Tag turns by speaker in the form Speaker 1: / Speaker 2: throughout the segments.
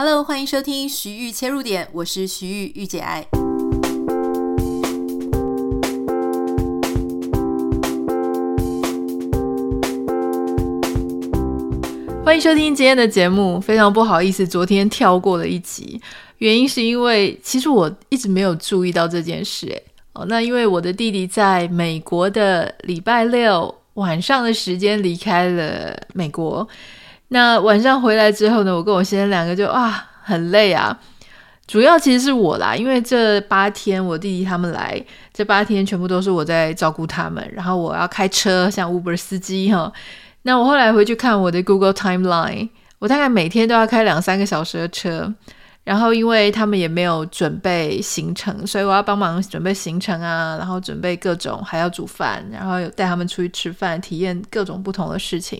Speaker 1: Hello，歡迎收聽徐豫切入點，我是徐豫，御姐愛。歡迎收聽今天的節目，非常不好意思，昨天跳過了一集，原因是因為其實我一直沒有注意到這件事，欸，哦，那因為我的弟弟在美國的禮拜六晚上的時間離開了美國。那晚上回來之後呢，我跟我先生兩個就啊很累啊，主要其實是我啦，因為這八天我弟弟他們來，這八天全部都是我在照顧他們，然後我要開車像 Uber 司機哈。那我後來回去看我的 Google Timeline，我大概每天都要開兩三個小時的車。然後因為他們也沒有準備行程，所以我要幫忙準備行程啊，然後準備各種還要煮飯，然後有帶他們出去吃飯，體驗各種不同的事情，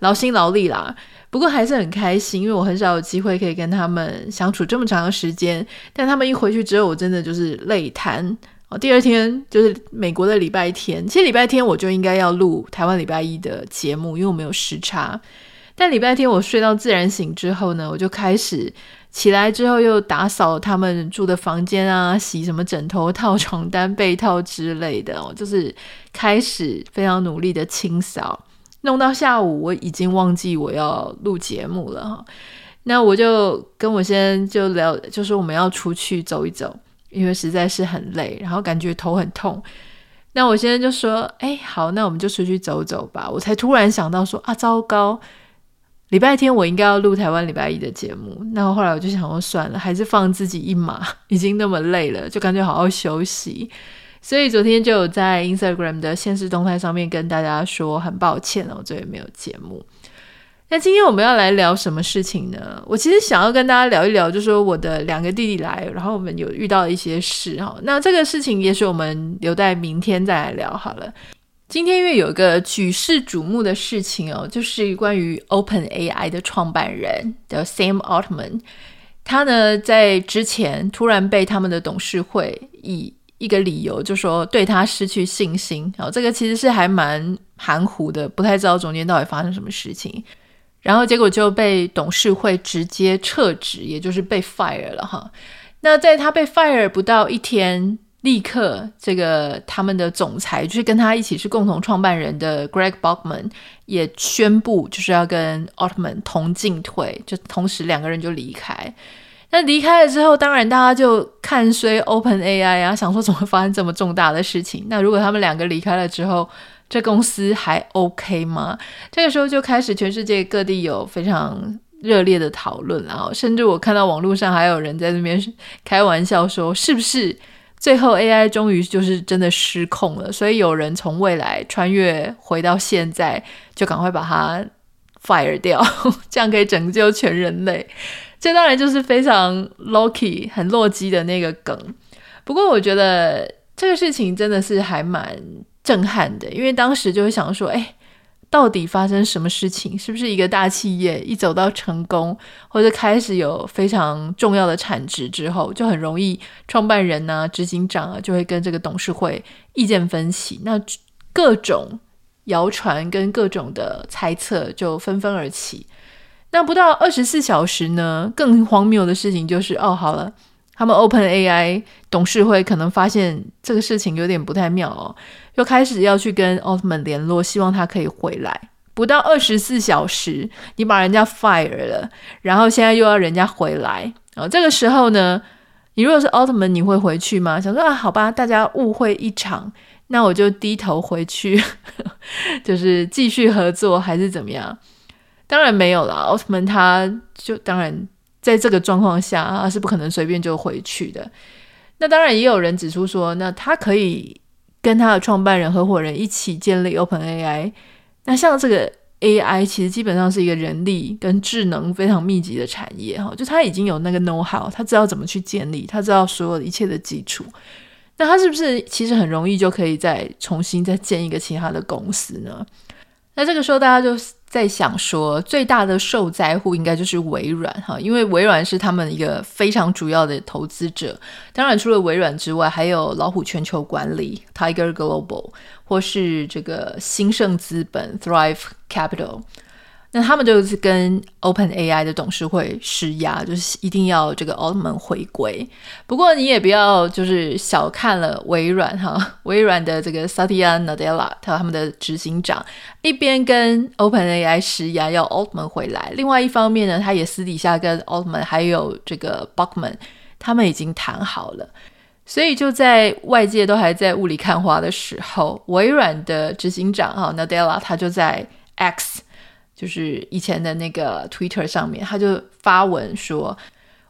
Speaker 1: 勞心勞力啦。不過還是很開心，因為我很少有機會可以跟他們相處這麼長的時間。但他們一回去之後，我真的就是累癱。哦。第二天就是美國的禮拜天，其實禮拜天我就應該要錄台灣禮拜一的節目，因為我沒有時差。但禮拜天我睡到自然醒之後呢，我就開始。起來之後又打掃他們住的房間啊，洗什麼枕頭套、床單、被套之類的，就是開始非常努力的清掃。弄到下午，我已經忘記我要錄節目了哈。那我就跟我先生就聊，就說我們要出去走一走，因為實在是很累，然後感覺頭很痛。那我先生就說：“誒，好，那我們就出去走走吧。”我才突然想到說：“啊，糟糕！”禮拜天我應該要錄台灣禮拜一的節目，那後來我就想說算了，還是放自己一馬，已經那麼累了，就乾脆好好休息。所以昨天就有在 Instagram 的限時動態上面跟大家說，很抱歉哦，我最近沒有節目。那今天我們要來聊什麼事情呢？我其實想要跟大家聊一聊，就是說我的兩個弟弟來，然後我們有遇到一些事哈。那這個事情也許我們留待明天再來聊好了。今天因為有一個舉世矚目的事情哦，就是關於 OpenAI 的創辦人的 Sam Altman，他呢在之前突然被他們的董事會以一個理由就說對他失去信心，哦，這個其實是還蠻含糊的，不太知道中間到底發生什麼事情，然後結果就被董事會直接撤職，也就是被 fire 了哈。那在他被 fire 不到一天，立刻，這個他們的總裁就是跟他一起是共同創辦人的 Greg Brockman 也宣布，就是要跟 Altman 同進退，就同時兩個人就離開。那離開了之後，當然大家就看衰 OpenAI，啊，然後想說怎麼會發生這麼重大的事情？那如果他們兩個離開了之後，這公司還 OK 嗎？這個時候就開始全世界各地有非常熱烈的討論，然後甚至我看到網絡上還有人在那邊開玩笑說：“是不是？”最後，AI 終於就是真的失控了，所以有人從未來穿越回到現在，就趕快把它 fire 掉，這樣可以拯救全人類。這當然就是非常 lucky，很洛基的那個梗。不過，我覺得這個事情真的是還蠻震撼的，因為當時就會想說，誒。到底發生什麼事情？是不是一個大企業一走到成功，或者開始有非常重要的產值之後，就很容易創辦人呢、啊、執行長啊，就會跟這個董事會意見分歧？那各種謠傳跟各種的猜測就紛紛而起。那不到二十四小時呢，更荒謬的事情就是哦，好了。他們 OpenAI 董事會可能發現這個事情有點不太妙哦，又開始要去跟奧特曼聯絡，希望他可以回來。不到二十四小時，你把人家 fire 了，然後現在又要人家回來啊？哦，這個時候呢，你如果是奧特曼，你會回去嗎？想說啊，好吧，大家誤會一場，那我就低頭回去， 就是繼續合作還是怎麼樣？當然沒有啦，奧特曼他就當然。在這個狀況下，他是不可能隨便就回去的。那當然，也有人指出說，那他可以跟他的創辦人、合夥人一起建立 OpenAI。那像這個 AI，其實基本上是一個人力跟智能非常密集的產業哈。就他已經有那個 know-how，他知道怎麼去建立，他知道所有一切的基礎。那他是不是其實很容易就可以再重新再建一個其他的公司呢？那這個時候，大家就。在想說，最大的受災戶應該就是微軟哈，因為微軟是他們一個非常主要的投資者。當然，除了微軟之外，還有老虎全球管理 （Tiger Global） 或是這個興盛資本 （Thrive Capital）。那他們就是跟 Open AI 的董事會施壓，就是一定要這個 Altman 回歸。不過你也不要就是小看了微軟哈，微軟的這個薩提亞·納德拉，他他們的執行長，一邊跟 Open AI 施壓要 Altman 回來，另外一方面呢，他也私底下跟 Altman 還有這個 Brockman 他們已經談好了。所以就在外界都還在霧裡看花的時候，微軟的執行長哈納德拉他就在 X。就是以前的那個 Twitter 上面，他就發文說：“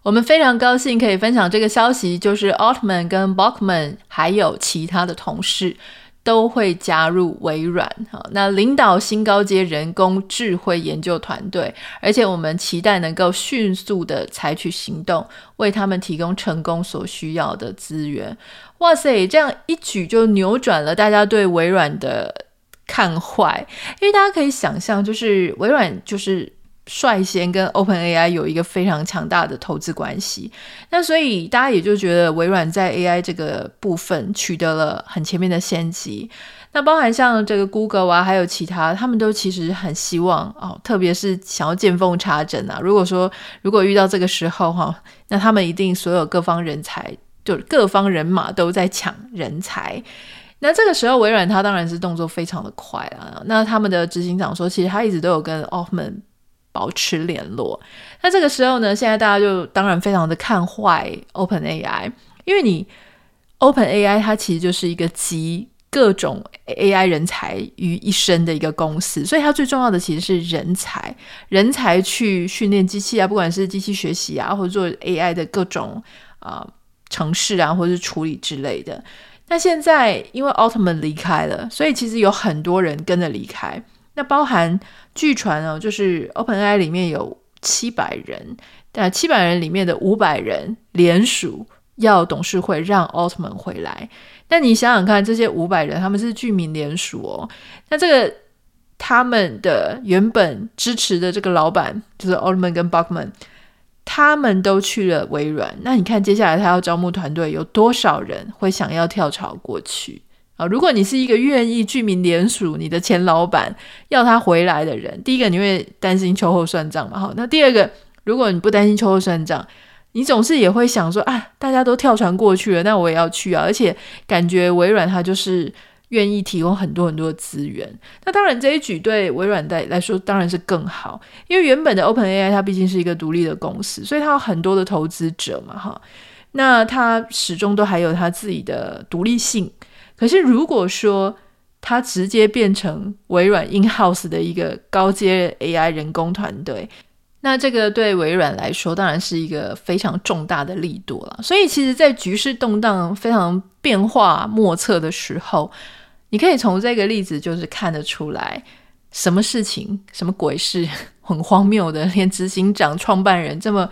Speaker 1: 我們非常高興可以分享這個消息，就是 Altman，跟 Brockman 還有其他的同事都會加入微軟，哈，那領導新高階人工智慧研究團隊，而且我們期待能夠迅速的採取行動，為他們提供成功所需要的資源。”哇塞，這樣一舉就扭轉了大家對微軟的。看壞，因為大家可以想象，就是微軟就是率先跟 OpenAI 有一個非常強大的投資關係，那所以大家也就覺得微軟在 AI 這個部分取得了很前面的先機。那包含像這個 Google 啊，還有其他，他們都其實很希望哦，特別是想要見縫插針啊。如果說如果遇到這個時候哈、啊，那他們一定所有各方人才，就各方人馬都在搶人才。那這個時候，微軟它當然是動作非常的快啊。那他們的執行長說，其實他一直都有跟 Altman 保持聯絡。那這個時候呢，現在大家就當然非常的看壞 OpenAI，因為你 OpenAI 它其實就是一個集各種 AI 人才於一身的一個公司，所以它最重要的其實是人才，人才去訓練機器啊，不管是機器學習啊，或者做 AI 的各種啊、呃、程式啊，或者是處理之類的。那現在，因為 Altman 離開了，所以其實有很多人跟着離開。那包含據傳哦，就是 OpenAI 裡面有七百人，但七百人裡面的五百人聯署要董事會讓 Altman 回來。那你想想看，這些五百人他們是具名聯署哦。那這個他們的原本支持的這個老闆就是 Altman 跟 Buckman 他們都去了微軟，那你看接下來他要招募團隊，有多少人會想要跳槽過去啊？如果你是一個願意具名連署你的前老板要他回來的人，第一個你會擔心秋後算賬嘛？好，那第二個，如果你不擔心秋後算賬，你總是也會想說啊，大家都跳船過去了，那我也要去啊，而且感覺微軟他就是。願意提供很多很多的資源，那當然這一舉對微軟在來說當然是更好，因為原本的 OpenAI 它畢竟是一個獨立的公司，所以它有很多的投資者嘛，哈，那它始終都還有它自己的獨立性。可是如果說它直接變成微軟 in-house 的一個高階 AI 人工團隊，那這個對微軟來說當然是一個非常重大的力度了。所以其實，在局勢動盪、非常變化莫測的時候，你可以從這個例子就是看得出來，什麼事情、什麼鬼事很荒謬的，連執行長、創辦人這麼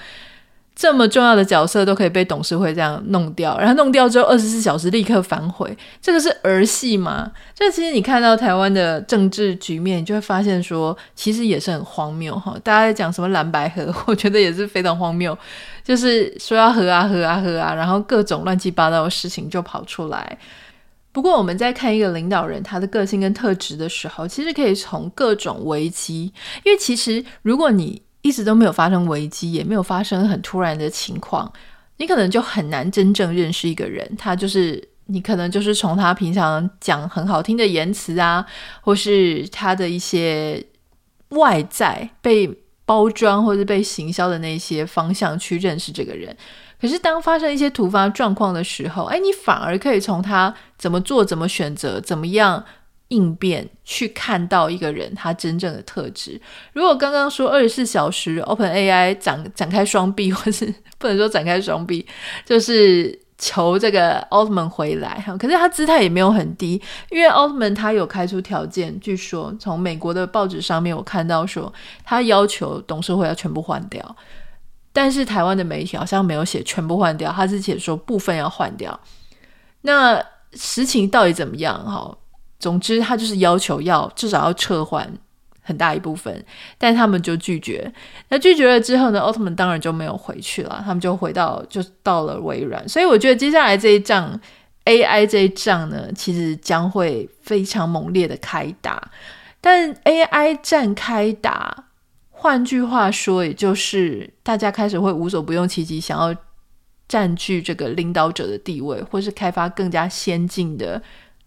Speaker 1: 這麼重要的角色都可以被董事會這樣弄掉，然後弄掉之後二十四小時立刻反悔，這個是兒戲嘛？這其實你看到台灣的政治局面，你就會發現說，其實也是很荒謬哈。大家在講什麼藍白合，我覺得也是非常荒謬，就是說要合啊合啊合啊,啊，然後各種亂七八糟的事情就跑出來。不過，我們在看一個領導人他的個性跟特質的時候，其實可以從各種危機。因為其實，如果你一直都沒有發生危機，也沒有發生很突然的情況，你可能就很難真正認識一個人。他就是，你可能就是從他平常講很好聽的言辭啊，或是他的一些外在被包裝或者被行銷的那些方向去認識這個人。可是當發生一些突發狀況的時候，哎，你反而可以從他怎麼做、怎麼選擇、怎麼樣應變，去看到一個人他真正的特質。如果剛剛說二十四小時 OpenAI 展展開雙臂，或是不能說展開雙臂，就是求這個奧特曼回來。可是他姿態也沒有很低，因為奧特曼他有開出條件，據說從美國的報紙上面我看到說，他要求董事會要全部換掉。但是台灣的媒體好像沒有寫全部換掉，他是寫說部分要換掉。那實情到底怎麼樣？哈，總之他就是要求要至少要撤換很大一部分，但他們就拒絕。那拒絕了之後呢？奧特曼當然就沒有回去了，他們就回到就到了微軟。所以我覺得接下來這一仗 AI 這一仗呢，其實將會非常猛烈的開打。但 AI 戰開打。換句話說，也就是大家開始會無所不用其極，想要占據這個領導者的地位，或是開發更加先進的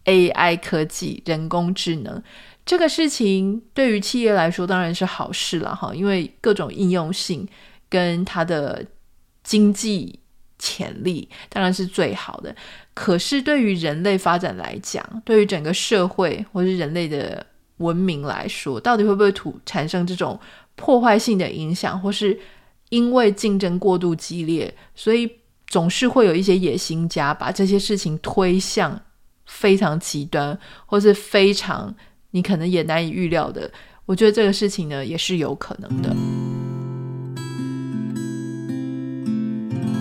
Speaker 1: AI 科技，人工智能這個事情，對於企業來說當然是好事了，哈，因為各種應用性跟它的經濟潛力當然是最好的。可是對於人類發展來講，對於整個社會或是人類的文明來說，到底會不會土產生這種？破壞性的影響，或是因為競爭過度激烈，所以總是會有一些野心家把這些事情推向非常極端，或是非常你可能也難以預料的。我覺得這個事情呢，也是有可能的。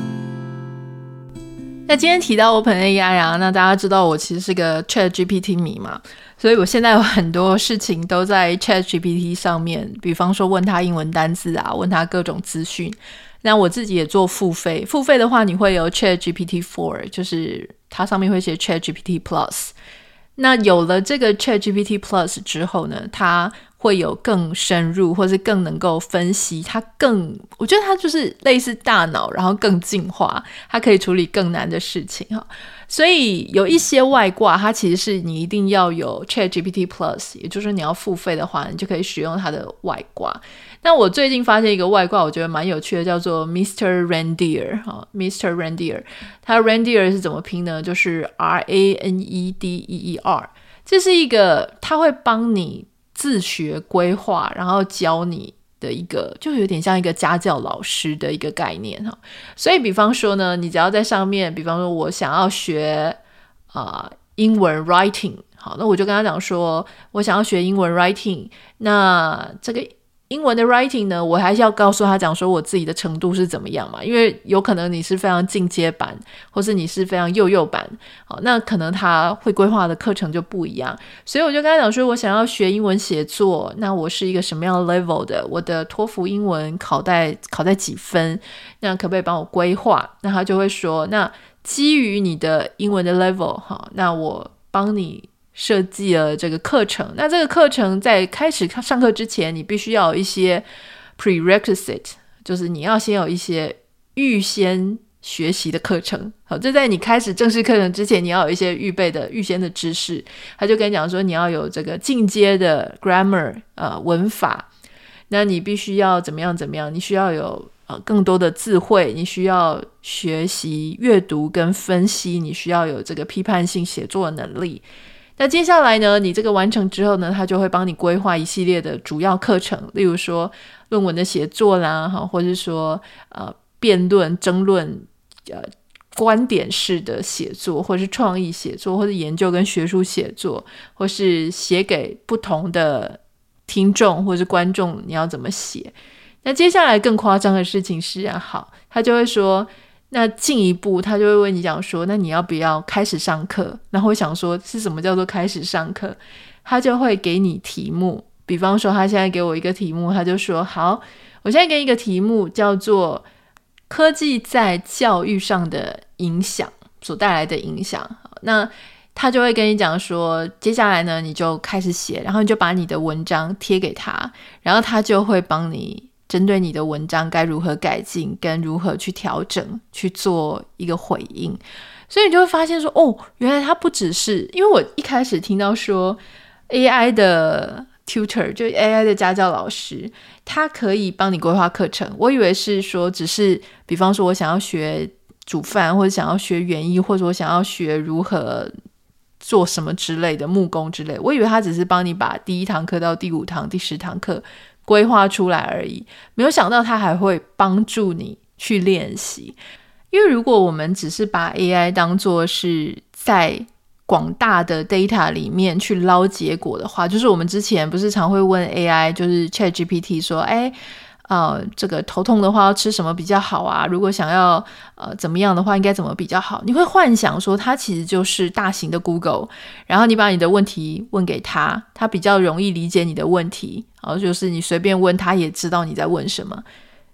Speaker 1: 那今天提到 OpenAI 啊，那大家知道我其實是個 Chat GPT 迷嘛，所以我現在有很多事情都在 Chat GPT 上面，比方說，問他英文單字啊，問他各種資訊。那我自己也做付費，付費的話你會有 Chat GPT 4，就是它上面會寫 Chat GPT Plus。那有了這個 Chat GPT Plus 之後呢，它會有更深入，或是更能夠分析，它更，我覺得它就是類似大腦，然後更進化，它可以處理更難的事情哈。所以有一些外掛，它其實是你一定要有 ChatGPT Plus，也就是說你要付費的話，你就可以使用它的外掛。那我最近發現一個外掛，我覺得蠻有趣的，叫做 Mr. Ranedeer、哦、哈，Mr. Ranedeer。Mr. Ranedeer, 它 Ranedeer 是怎麼拼呢？就是 R A N E D E E R。這是一個，它會幫你自學規劃，然後教你。的一個，就有點像一個家教老師的一個概念哈，所以比方說呢，你只要在上面，比方說我想要學啊、呃、英文 writing，好，那我就跟他講說，我想要學英文 writing，那這個。英文的 writing 呢，我還是要告訴他講說我自己的程度是怎麼樣嘛，因為有可能你是非常進階版，或是你是非常幼幼版，好，那可能他會規劃的課程就不一樣。所以我就跟他講說我想要學英文寫作，那我是一個什麼樣的 level 的？我的托福英文考在考在幾分？那可不可以幫我規劃？那他就會說，那基於你的英文的 level 哈，那我幫你。設計了這個課程，那這個課程在開始上課之前，你必須要有一些 prerequisite，就是你要先有一些預先學習的課程。好，就在你開始正式課程之前，你要有一些預備的、預先的知識。他就跟你講說，你要有這個進階的 grammar，呃，文法。那你必須要怎麼樣？怎麼樣？你需要有呃更多的智慧，你需要學習閱讀跟分析，你需要有這個批判性寫作的能力。那接下來呢，你這個完成之後呢，他就會幫你規劃一系列的主要課程，例如說論文的寫作啦，哈，或是說呃辯論、爭論，呃觀點式的寫作，或是創意寫作，或者研究跟學術寫作，或是寫給不同的聽眾或是觀眾，你要怎麼寫？那接下來更誇張的事情是啊，好，他就會說。那進一步，他就會問你講說，那你要不要開始上課？然後我想說，是什麼叫做開始上課？他就會給你題目，比方說，他現在給我一個題目，他就說：“好，我現在給你一個題目，叫做科技在教育上的影響所帶來的影響。”那他就會跟你講說，接下來呢，你就開始寫，然後你就把你的文章貼給他，然後他就會幫你。針對你的文章該如何改進，跟如何去調整去做一個回應，所以你就會發現說，哦，原來它不只是因為我一開始聽到說 AI 的 tutor 就 AI 的家教老師，它可以幫你規劃課程，我以為是說只是，比方說我想要學煮飯，或者想要學園藝，或者我想要學如何做什麼之類的木工之類，我以為他只是幫你把第一堂課到第五堂、第十堂課。規劃出來而已，沒有想到它還會幫助你去練習。因為如果我們只是把 AI 當做是在廣大的 data 裡面去撈結果的話，就是我們之前不是常會問 AI，就是 ChatGPT 說：“誒、哎，呃，這個頭痛的話要吃什麼比較好啊？如果想要呃怎麼樣的話，應該怎麼比較好？”你會幻想說它其實就是大型的 Google，然後你把你的問題問給他，他比較容易理解你的問題。好，就是你隨便問，他也知道你在問什麼。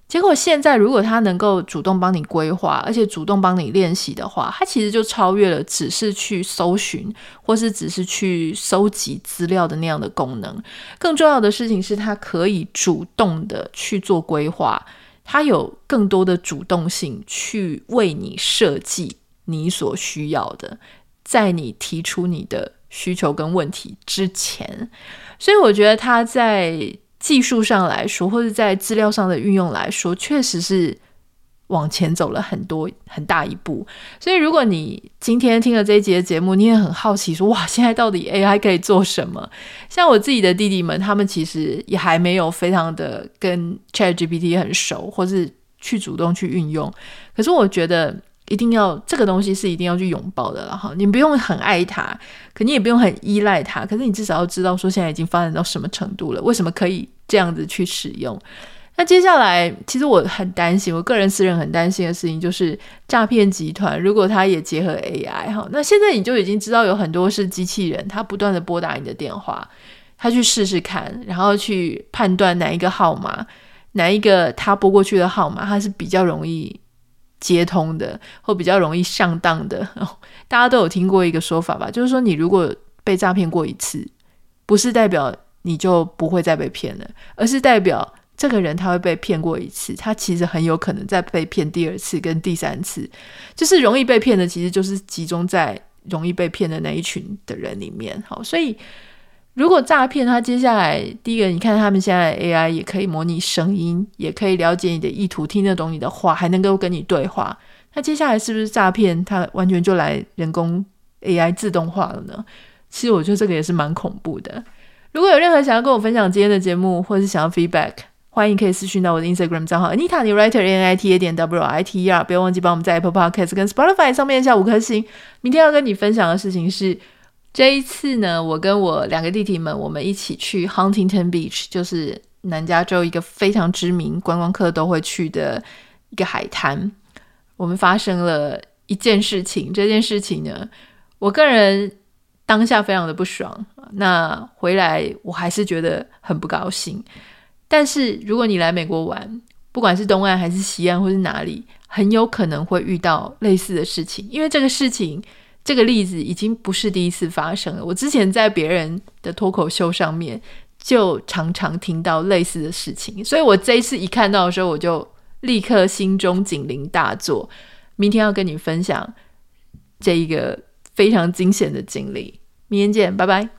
Speaker 1: 結果現在，如果他能夠主動幫你規劃，而且主動幫你練習的話，他其實就超越了只是去搜尋或是只是去搜集資料的那樣的功能。更重要的事情是，他可以主動的去做規劃，他有更多的主動性去為你設計你所需要的，在你提出你的。需求跟問題之前，所以我覺得他在技術上來說，或者在資料上的運用來說，確實是往前走了很多很大一步。所以，如果你今天聽了這一集的節目，你也很好奇說：“哇，現在到底 AI 可以做什麼？”像我自己的弟弟們，他們其實也還沒有非常的跟 ChatGPT 很熟，或是去主動去運用。可是，我覺得。一定要，這個東西是一定要去擁抱的了哈，你不用很愛它，肯定也不用很依賴它，可是你至少要知道說現在已經發展到什麼程度了，為什麼可以這樣子去使用。那接下來，其實我很擔心，我個人私人很擔心的事情就是詐騙集團，如果他也結合 AI 哈，那現在你就已經知道有很多是機器人，它不斷的撥打你的電話，他去試試看，然後去判斷哪一個號碼，哪一個他撥過去的號碼，它是比較容易。接通的或比較容易上當的，大家都有聽過一個說法吧？就是說，你如果被詐騙過一次，不是代表你就不會再被騙了，而是代表這個人他會被騙過一次，他其實很有可能再被騙第二次跟第三次。就是容易被騙的，其實就是集中在容易被騙的那一群的人裡面。好，所以。如果詐騙，他接下來第一個，你看他們現在的 AI 也可以模擬聲音，也可以了解你的意圖，聽得懂你的話，還能夠跟你對話。那接下來是不是詐騙？它完全就來人工 AI 自動化了呢？其實我覺得這個也是蠻恐怖的。如果有任何想要跟我分享今天的節目，或是想要 feedback，歡迎可以私訊到我的 Instagram 賬號 Anita 點 Writer A N I T A 點 W R I T E R，不要忘記幫我們在 Apple Podcast 跟 Spotify 上面下五顆星。明天要跟你分享的事情是。這一次呢，我跟我兩個弟弟們，我們一起去 Huntington Beach，就是南加州一個非常知名、觀光客都會去的一個海灘。我們發生了一件事情，這件事情呢，我個人當下非常的不爽。那回來我還是覺得很不高興。但是如果你來美國玩，不管是東岸還是西岸，或是哪裡，很有可能會遇到類似的事情，因為這個事情。這個例子已經不是第一次發生了。我之前在別人的脫口秀上面就常常聽到類似的事情，所以我這一次一看到的時候，我就立刻心中警鈴大作。明天要跟你分享這一個非常驚險的經歷。明天見，拜拜。